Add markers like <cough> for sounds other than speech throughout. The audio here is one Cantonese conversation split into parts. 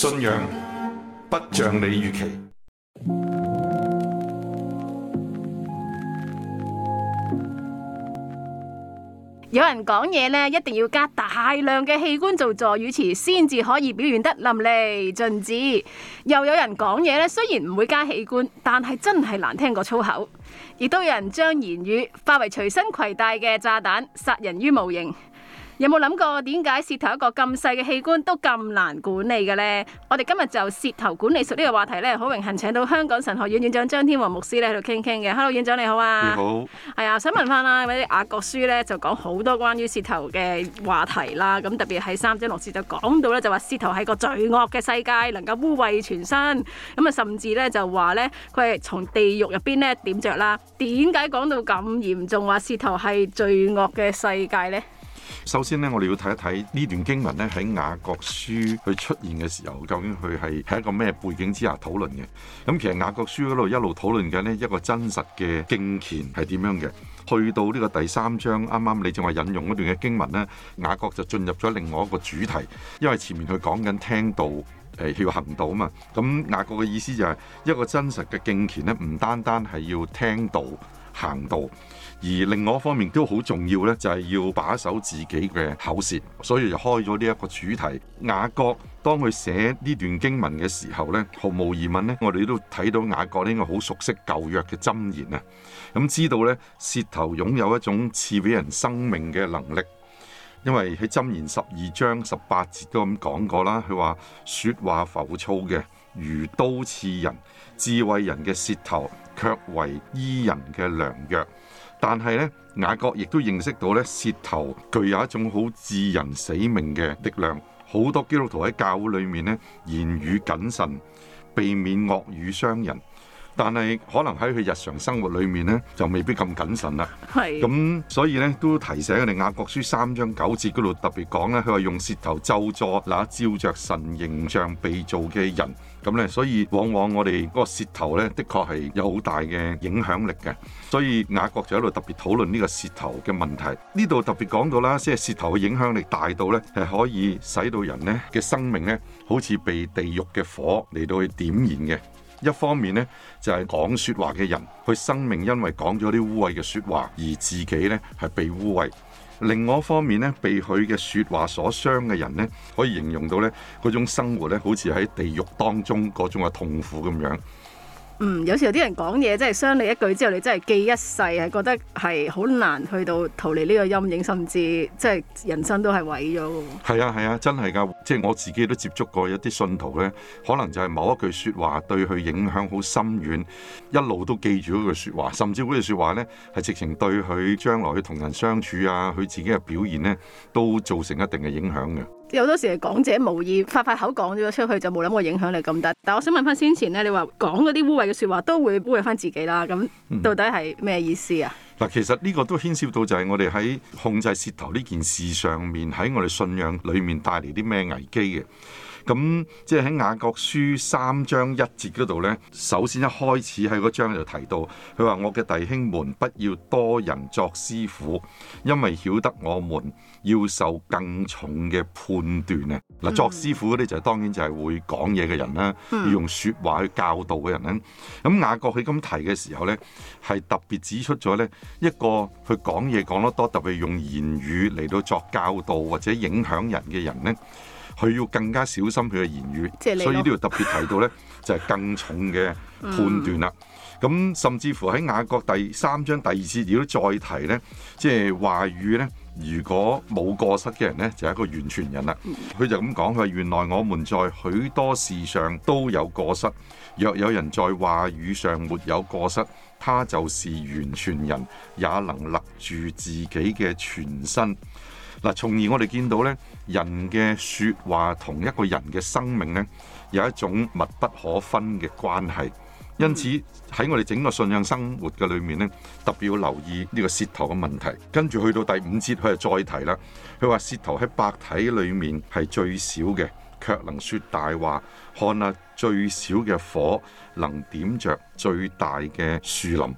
信仰不像你預期。有人講嘢咧，一定要加大量嘅器官做助語詞，先至可以表現得淋漓盡致。又有人講嘢咧，雖然唔會加器官，但係真係難聽過粗口。亦都有人將言語化為隨身攜帶嘅炸彈，殺人於無形。有冇諗過點解舌頭一個咁細嘅器官都咁難管理嘅呢？我哋今日就舌頭管理術呢個話題咧，好榮幸請到香港神學院院長張天和牧師咧喺度傾傾嘅。Hello，院長你好啊！你好。係啊，想問翻啦，咁啲雅各書呢就講好多關於舌頭嘅話題啦。咁特別喺三章六節就講到咧，就話舌頭係個罪惡嘅世界，能夠污穢全身。咁啊，甚至咧就話咧，佢係從地獄入邊咧點着啦。點解講到咁嚴重，話舌頭係罪惡嘅世界呢？首先咧，我哋要睇一睇呢段經文咧喺雅各書佢出現嘅時候，究竟佢係喺一個咩背景之下討論嘅？咁其實雅各書嗰度一路討論緊呢一個真實嘅敬虔係點樣嘅。去到呢個第三章，啱啱你正話引用嗰段嘅經文呢，雅各就進入咗另外一個主題，因為前面佢講緊聽道誒要行道啊嘛，咁雅各嘅意思就係一個真實嘅敬虔呢，唔單單係要聽道行道。而另外一方面都好重要呢，就係要把守自己嘅口舌，所以就開咗呢一個主題。雅各當佢寫呢段經文嘅時候呢，毫無疑問，呢我哋都睇到雅各呢個好熟悉舊約嘅箴言啊。咁知道呢，舌頭擁有一種賜俾人生命嘅能力，因為喺箴言十二章十八節都咁講過啦。佢話：「說話浮躁嘅如刀刺人，智慧人嘅舌頭，卻為醫人嘅良藥。」但係呢，雅各亦都認識到呢，舌頭具有一種好致人死命嘅力量。好多基督徒喺教會裏面呢，言語謹慎，避免惡語傷人。但係可能喺佢日常生活裏面呢，就未必咁謹慎啦。係是。咁所以呢，都提醒我哋《雅各書》三章九節嗰度特別講呢，佢話用舌頭咒詛那照着神形象被造嘅人。咁咧，所以往往我哋嗰個舌頭咧，的確係有好大嘅影響力嘅。所以雅各就喺度特別討論呢個舌頭嘅問題。呢度特別講到啦，即係舌頭嘅影響力大到咧，係可以使到人咧嘅生命咧，好似被地獄嘅火嚟到去點燃嘅。一方面咧，就係講説話嘅人，佢生命因為講咗啲污穢嘅説話，而自己咧係被污穢。另外一方面呢，被佢嘅説話所傷嘅人呢，可以形容到呢嗰種生活呢，好似喺地獄當中嗰種嘅痛苦咁樣。嗯，有時候啲人講嘢，真係傷你一句之後，你真係記一世，係覺得係好難去到逃離呢個陰影，甚至即係人生都係毀咗嘅。係啊，係啊，真係㗎！即係我自己都接觸過一啲信徒咧，可能就係某一句説話對佢影響好深遠，一路都記住嗰句説話，甚至嗰句説話咧係直情對佢將來佢同人相處啊，佢自己嘅表現咧都造成一定嘅影響嘅。有好多時係講者無意，發發口講咗出去就冇諗過影響力咁大。但我想問翻先前咧，你話講嗰啲污穢嘅説話都會污穢翻自己啦。咁到底係咩意思啊？嗱，嗯嗯，其實呢個都牽涉到就係我哋喺控制舌頭呢件事上面，喺我哋信仰裏面帶嚟啲咩危機嘅。咁即係喺雅各書三章一節嗰度呢，首先一開始喺嗰章就提到，佢話：我嘅弟兄們，不要多人作師傅，因為曉得我們要受更重嘅判斷啊！嗱、mm，hmm. 作師傅嗰啲就當然就係會講嘢嘅人啦，要用説話去教導嘅人啦。咁、mm hmm. 雅各佢咁提嘅時候呢，係特別指出咗呢一個佢講嘢講得多，特別用言語嚟到作教導或者影響人嘅人呢佢要更加小心佢嘅言語，所以呢度特別提到呢，就係、是、更重嘅判斷啦。咁、 <laughs> 嗯、甚至乎喺雅各第三章第二節，如果再提呢，即、就、係、是、話語呢，如果冇過失嘅人呢，就係、是、一個完全人啦。佢、嗯、就咁講，佢話原來我們在許多事上都有過失，若有人在話語上沒有過失，他就是完全人，也能勒住自己嘅全身。嗱，從而我哋見到呢，人嘅説話同一個人嘅生命呢，有一種密不可分嘅關係。因此喺我哋整個信仰生活嘅裏面呢，特別要留意呢個舌頭嘅問題。跟住去到第五節，佢就再提啦。佢話舌頭喺百體裏面係最小嘅，卻能説大話。看啊最小的，最小嘅火能點着最大嘅樹林。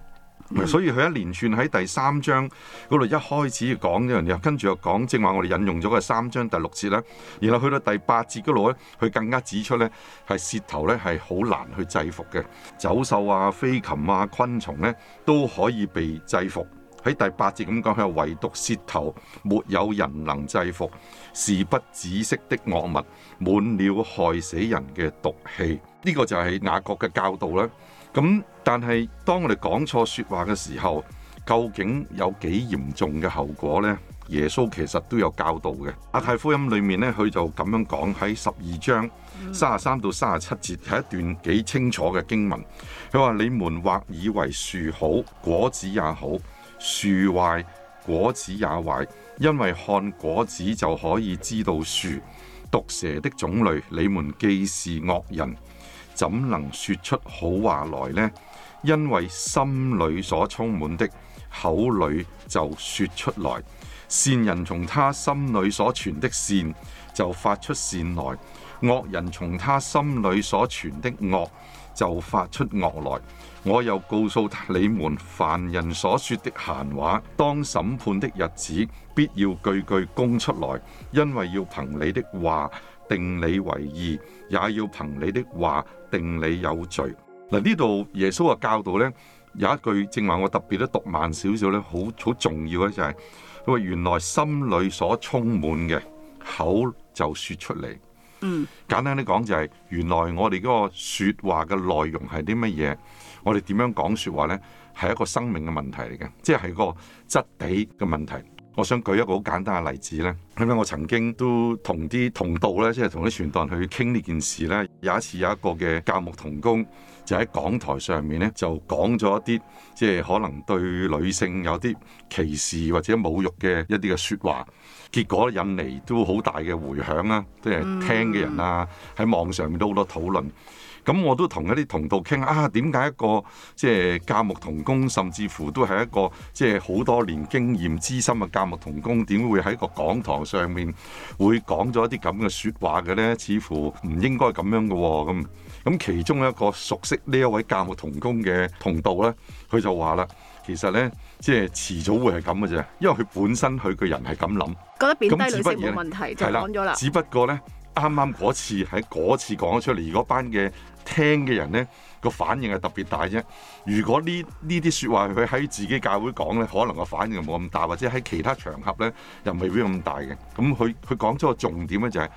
嗯、所以佢一連串喺第三章嗰度一開始講呢樣嘢，跟住又講，正話我哋引用咗個三章第六節啦。然後去到第八節嗰度咧，佢更加指出咧，係舌頭咧係好難去制服嘅，走獸啊、飛禽啊、昆蟲咧都可以被制服。喺第八節咁講，佢話唯獨舌頭沒有人能制服，是不止息的惡物，滿了害死人嘅毒氣。呢、這個就係雅各嘅教導啦。咁，但係當我哋講錯説話嘅時候，究竟有幾嚴重嘅後果呢？耶穌其實都有教導嘅。馬太福音裏面咧，佢就咁樣講，喺十二章三十三到三十七節係一段幾清楚嘅經文。佢話：你們或以為樹好，果子也好，樹壞，果子也壞，因為看果子就可以知道樹。毒蛇的種類。你們既是惡人。怎能說出好話來呢？因為心裏所充滿的，口裏就說出來。善人從他心裏所存的善，就發出善來；惡人從他心裏所存的惡，就發出惡來。我又告訴你們，凡人所說的閒話，當審判的日子，必要句句供出來，因為要憑你的話。定你為義，也要憑你的話定你有罪。嗱，呢度耶穌嘅教導咧有一句正話，我特別都讀慢少少呢，好好重要嘅就係、是，因為原來心裏所充滿嘅口就說出嚟。嗯，簡單啲講就係、是，原來我哋嗰個說話嘅內容係啲乜嘢，我哋點樣講說話呢？係一個生命嘅問題嚟嘅，即係個質地嘅問題。我想舉一個好簡單嘅例子咧，咁樣我曾經都同啲同道咧，即係同啲傳道人去傾呢件事咧。有一次有一個嘅教牧同工就喺講台上面咧，就講咗一啲即係可能對女性有啲歧視或者侮辱嘅一啲嘅説話，結果引嚟都好大嘅回響啦，即係聽嘅人啊，喺網上面都好多討論。咁我都同一啲同道傾啊，點解一個即係教牧同工，甚至乎都係一個即係好多年經驗資深嘅教牧同工，點會喺個講堂上面會講咗一啲咁嘅説話嘅咧？似乎唔應該咁樣嘅喎、哦，咁咁其中一個熟悉呢一位教牧同工嘅同道咧，佢就話啦，其實咧即係遲早會係咁嘅啫，因為佢本身佢個人係咁諗，覺得貶低女性冇問題，就講咗啦。只不過咧。啱啱嗰次喺嗰次講咗出嚟，嗰班嘅聽嘅人咧個反應係特別大啫。如果呢呢啲説話佢喺自己教會講咧，可能個反應就冇咁大，或者喺其他場合咧又未必咁大嘅。咁佢佢講咗個重點咧就係，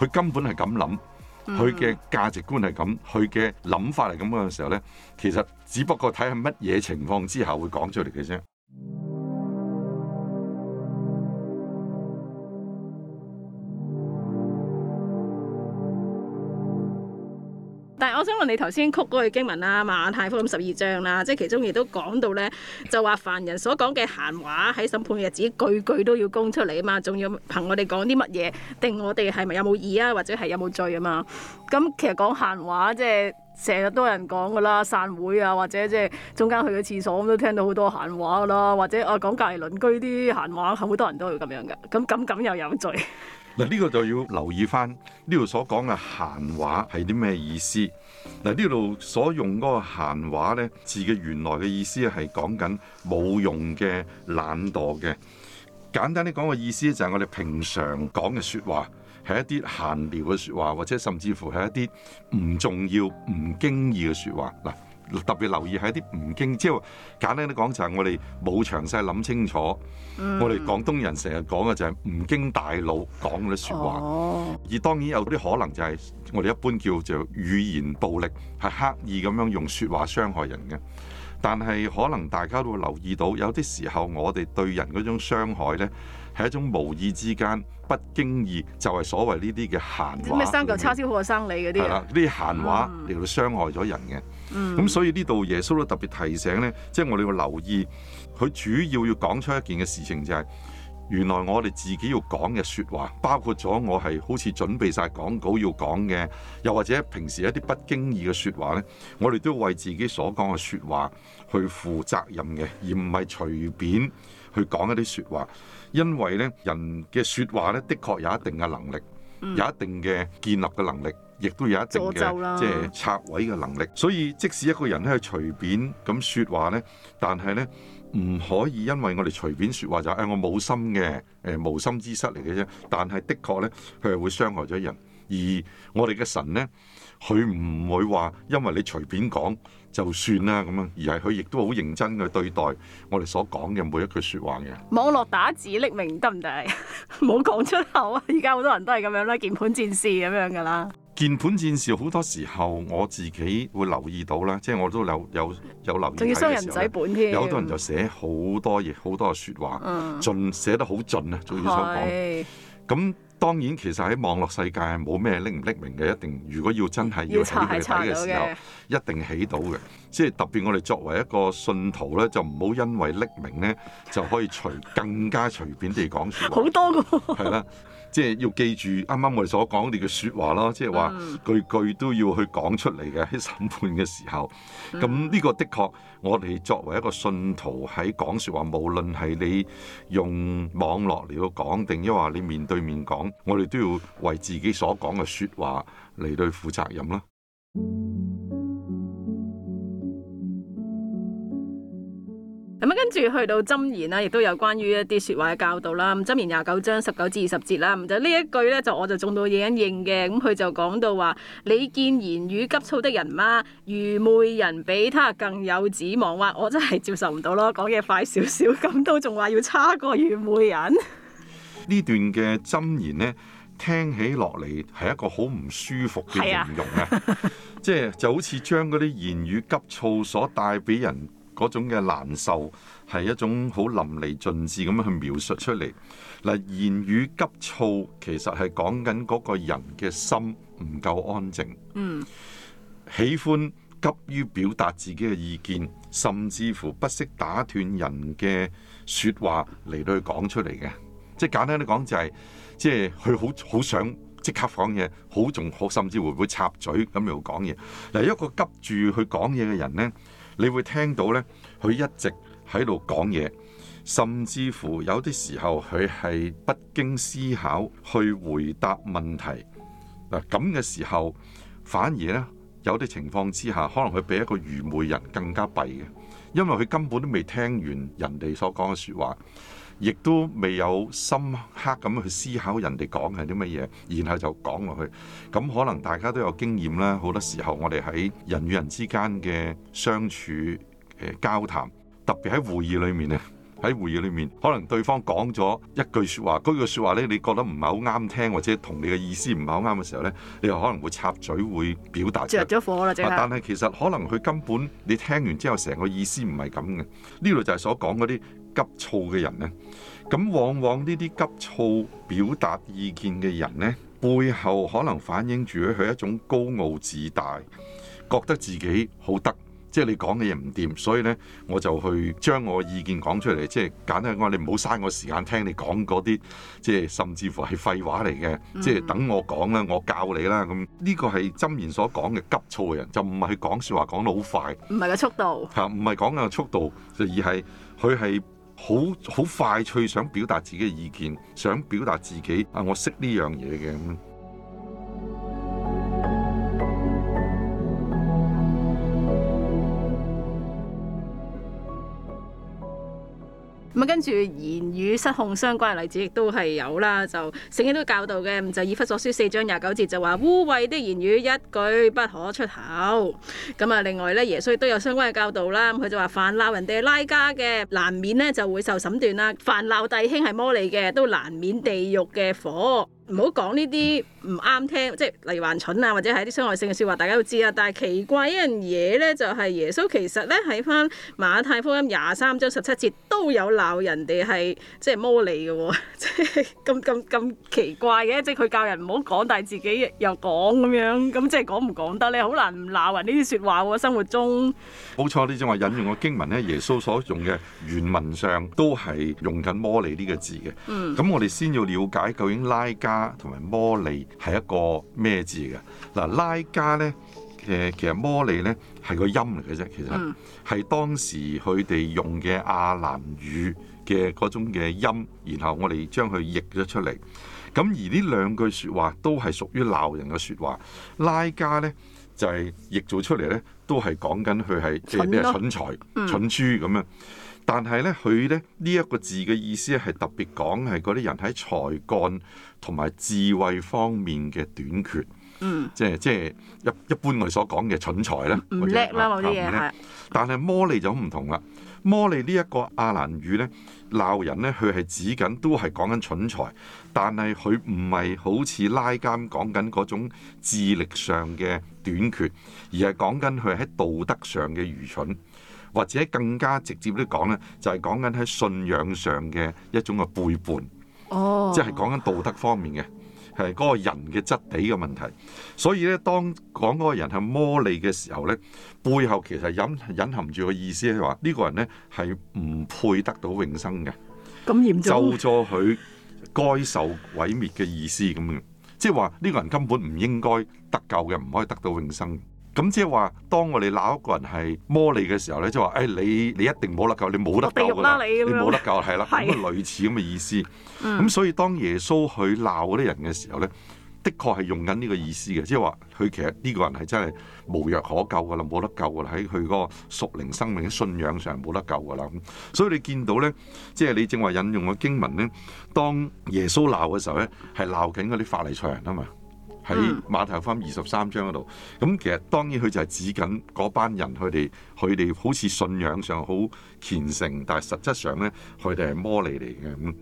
佢根本係咁諗，佢嘅價值觀係咁，佢嘅諗法係咁樣嘅時候咧，其實只不過睇係乜嘢情況之下會講出嚟嘅啫。咁你頭先曲嗰個經文啊，馬太福音十二章啦，即係其中亦都講到咧，就話凡人所講嘅閒話喺審判日子句句都要供出嚟啊嘛，仲要憑我哋講啲乜嘢，定我哋係咪有冇義啊，或者係有冇罪啊嘛？咁其實講閒話，即係成日多人講噶啦，散會啊，或者即係中間去個廁所咁都聽到好多閒話噶啦，或者我講隔籬鄰居啲閒話，好多人都會咁樣噶。咁咁咁又有罪？嗱呢個就要留意翻呢度所講嘅閒話係啲咩意思？嗱，呢度所用嗰個閒話呢，字嘅原來嘅意思係講緊冇用嘅、懶惰嘅。簡單啲講，個意思就係我哋平常講嘅説話係一啲閒聊嘅説話，或者甚至乎係一啲唔重要、唔經意嘅説話嗱。特別留意係一啲唔經，即、就、係、是、簡單啲講就係我哋冇詳細諗清楚。嗯、我哋廣東人成日講嘅就係唔經大腦講嗰啲説話，哦、而當然有啲可能就係我哋一般叫做語言暴力，係刻意咁樣用説話傷害人嘅。但係可能大家都會留意到，有啲時候我哋對人嗰種傷害咧係一種無意之間、不經意，就係、是、所謂呢啲嘅閒話，咩生舊叉燒好過生你嗰啲啊？係啲閒話嚟到傷害咗人嘅。咁、嗯、所以呢度耶穌都特別提醒呢即係、就是、我哋要留意，佢主要要講出一件嘅事情就係、是，原來我哋自己要講嘅説話，包括咗我係好似準備晒講稿要講嘅，又或者平時一啲不經意嘅説話呢我哋都要為自己所講嘅説話去負責任嘅，而唔係隨便去講一啲説話，因為呢，人嘅説話呢，的確有一定嘅能力，有一定嘅建立嘅能力。亦都有一定嘅即係拆位嘅能力，所以即使一個人咧隨便咁說話呢，但係呢唔可以因為我哋隨便說話就誒、是哎，我冇心嘅誒、呃，無心之失嚟嘅啫，但係的確呢，佢係會傷害咗人，而我哋嘅神呢，佢唔會話，因為你隨便講，就算啦咁樣，而係佢亦都好認真去對待我哋所講嘅每一句説話嘅。網絡打字匿名得唔得？冇講出口啊！而家好多人都係咁樣啦，鍵盤戰士咁樣㗎啦。鍵盤戰士好多時候我自己會留意到啦，即係我都有有有留意。仲要雙人仔本添。有好多人就寫好多嘢，好多嘅説話，盡寫得好盡啊！仲要想講咁。當然，其實喺網絡世界冇咩匿唔匿名嘅。一定，如果真要真係要起佢底嘅時候，查查一定起到嘅。即係特別，我哋作為一個信徒咧，就唔好因為匿名咧，就可以隨更加隨便地講說話。好 <laughs> 多㗎、啊，係啦。即係要記住啱啱我哋所講你嘅説話咯，即係話句句都要去講出嚟嘅，喺審判嘅時候。咁呢個的確，我哋作為一個信徒喺講説話，無論係你用網絡嚟到講定，抑或你面對面講，我哋都要為自己所講嘅説話嚟到去負責任咯。去到箴言啦，亦都有關於一啲説話嘅教導啦。咁箴言廿九章十九至二十節啦，咁就呢一句咧，就我就中到嘢。應應嘅。咁佢就講到話：你見言語急躁的人嗎？愚昧人比他更有指望。哇！我真係接受唔到咯，講嘢快少少，咁都仲話要差過愚昧人。呢段嘅箴言呢，聽起落嚟係一個好唔舒服嘅形容是啊！即 <laughs> 係就，就好似將嗰啲言語急躁所帶俾人。嗰種嘅難受係一種好淋漓盡致咁樣去描述出嚟。嗱，言語急躁其實係講緊嗰個人嘅心唔夠安靜。嗯，喜歡急於表達自己嘅意見，甚至乎不惜打斷人嘅説話嚟到去講出嚟嘅。即係簡單啲講就係、是，即係佢好好想即刻講嘢，好仲好甚至會唔會插嘴咁嚟度講嘢。嗱，一個急住去講嘢嘅人呢。你會聽到呢，佢一直喺度講嘢，甚至乎有啲時候佢係不經思考去回答問題。嗱，咁嘅時候，反而呢，有啲情況之下，可能佢比一個愚昧人更加弊嘅，因為佢根本都未聽完人哋所講嘅説話。亦都未有深刻咁去思考人哋講係啲乜嘢，然後就講落去。咁可能大家都有經驗啦。好多時候，我哋喺人與人之間嘅相處、誒，交談，特別喺會議裏面咧。喺會議裏面，可能對方講咗一句説話，嗰句説話咧，你覺得唔係好啱聽，或者同你嘅意思唔係好啱嘅時候咧，你又可能會插嘴，會表達。著咗火！但係其實可能佢根本你聽完之後成個意思唔係咁嘅。呢度就係所講嗰啲。急躁嘅人呢，咁往往呢啲急躁表達意見嘅人呢，背後可能反映住佢一種高傲自大，覺得自己好得，即係你講嘅嘢唔掂，所以呢，我就去將我意見講出嚟，即係簡單話，你唔好嘥我時間聽你講嗰啲，即係甚至乎係廢話嚟嘅，嗯、即係等我講啦，我教你啦。咁呢個係箴言所講嘅急躁嘅人，就唔係佢講説話講得好快，唔係個速度嚇，唔係講緊個速度，而係佢係。好好快脆，想表達自己嘅意見，想表達自己啊！我識呢樣嘢嘅。咁跟住言語失控相關嘅例子亦都係有啦，就聖經都教導嘅，就以弗所書四章廿九節就話「污穢的言語一句不可出口。」咁啊，另外咧，耶穌亦都有相關嘅教導啦。佢就話凡罵人哋係拉家嘅，難免咧就會受審斷啦。凡罵弟兄係魔利嘅，都難免地獄嘅火。唔好講呢啲。唔啱聽，即係例如話蠢啊，或者係一啲傷害性嘅説話，大家都知啊。但係奇怪一樣嘢咧，就係耶穌其實咧喺翻馬太福音廿三章十七節都有鬧人哋係即係魔利嘅，即係咁咁咁奇怪嘅，即係佢教人唔好講，但係自己又講咁樣，咁即係講唔講得咧？你好難唔鬧人呢啲説話喎，生活中。冇錯，你正話引用嘅經文咧，耶穌所用嘅原文上都係用緊魔利呢個字嘅。嗯。咁我哋先要了解究竟拉加同埋魔利。係一個咩字嘅？嗱，拉加咧，誒，其實摩利咧係個音嚟嘅啫。其實係、嗯、當時佢哋用嘅阿蘭語嘅嗰種嘅音，然後我哋將佢譯咗出嚟。咁而呢兩句説話都係屬於鬧人嘅説話。拉加咧就係、是、譯做出嚟咧，都係講緊佢係即係你係蠢材、嗯、蠢豬咁樣。但係咧，佢咧呢一個字嘅意思咧，係特別講係嗰啲人喺才幹同埋智慧方面嘅短缺，嗯，即係即係一一般我哋所講嘅蠢材。啦不，唔叻啦嗰啲嘢，但係魔力就唔同啦，的魔力呢一個阿蘭語咧鬧人咧，佢係指緊都係講緊蠢材，但係佢唔係好似拉監講緊嗰種智力上嘅短缺，而係講緊佢喺道德上嘅愚蠢。或者更加直接啲講咧，就係講緊喺信仰上嘅一種嘅背叛，即係講緊道德方面嘅，係嗰個人嘅質地嘅問題。所以咧，當講嗰個人係魔利嘅時候咧，背後其實隱隱含住個意思係話，呢個人咧係唔配得到永生嘅，就咒咗佢該受毀滅嘅意思咁嘅，即係話呢個人根本唔應該得救嘅，唔可以得到永生。咁即係話，當我哋鬧一個人係魔利嘅時候咧，即係話，誒、哎，你你一定冇得救，你冇得救啦，啊，你冇得救係啦，咁的類似咁嘅意思。咁、嗯嗯、所以當耶穌去鬧嗰啲人嘅時候咧，的確係用緊呢個意思嘅，即係話佢其實呢個人係真係無藥可救噶啦，冇得救噶啦，喺佢嗰個屬靈生命嘅信仰上冇得救噶啦。咁所以你見到咧，即係你正話引用嘅經文咧，當耶穌鬧嘅時候咧，係鬧緊嗰啲法利賽人啊嘛。喺馬太福音二十三章嗰度，咁其實當然佢就係指緊嗰班人，佢哋佢哋好似信仰上好虔誠，但係實質上呢，佢哋係魔力嚟嘅。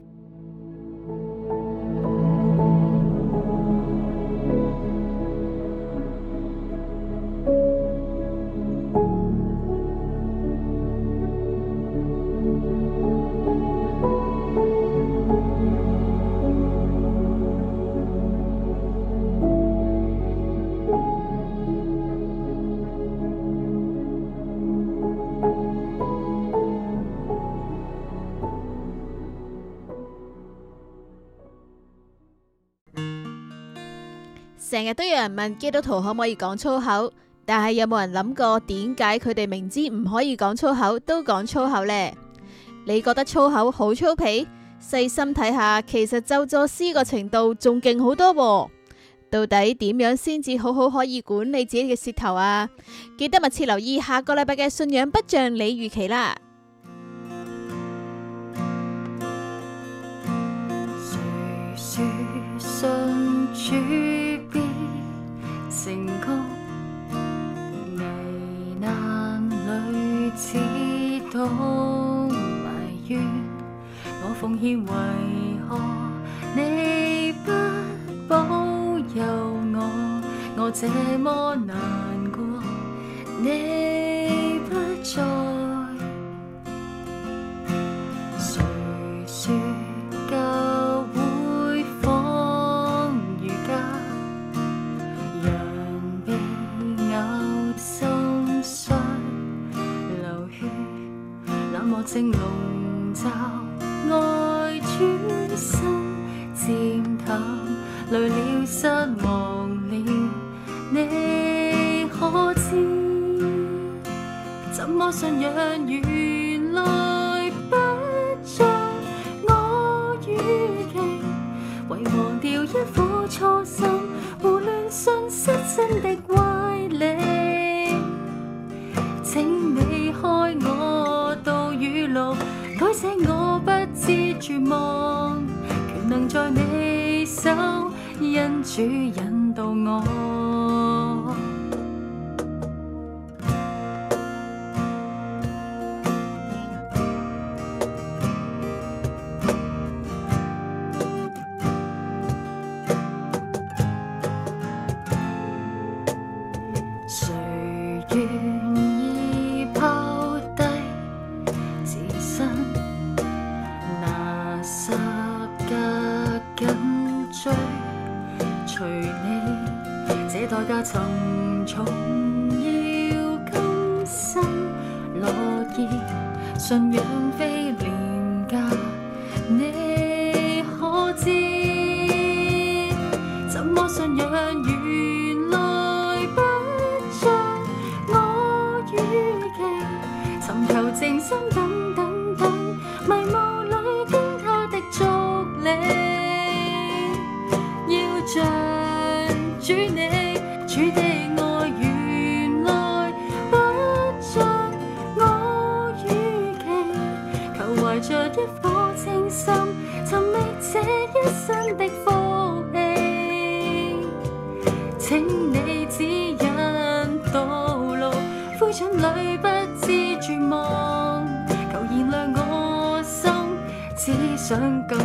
日都有人問基督徒可唔可以講粗口，但係有冇人諗過點解佢哋明知唔可以講粗口都講粗口呢？你覺得粗口好粗鄙？細心睇下，其實咒作詩個程度仲勁好多噃、啊。到底點樣先至好好可以管理自己嘅舌頭啊？記得密切留意下個禮拜嘅信仰不像你預期啦。埋怨我奉獻，為何你不保佑我？我這麼難過，你不在。正籠罩，愛轉身，漸淡，累了，失望了，你可知？怎麼信仰？因主引導我。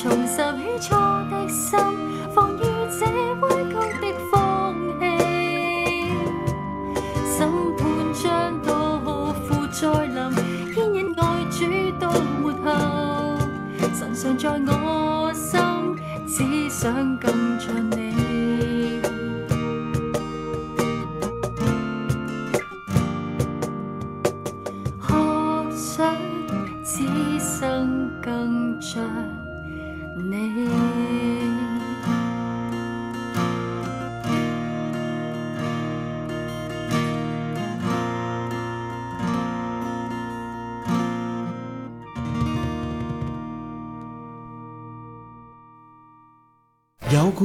重拾起初的心，放於這彎曲的風氣。審判將多負再臨，牽引愛主到末後。神常在我心，只想更。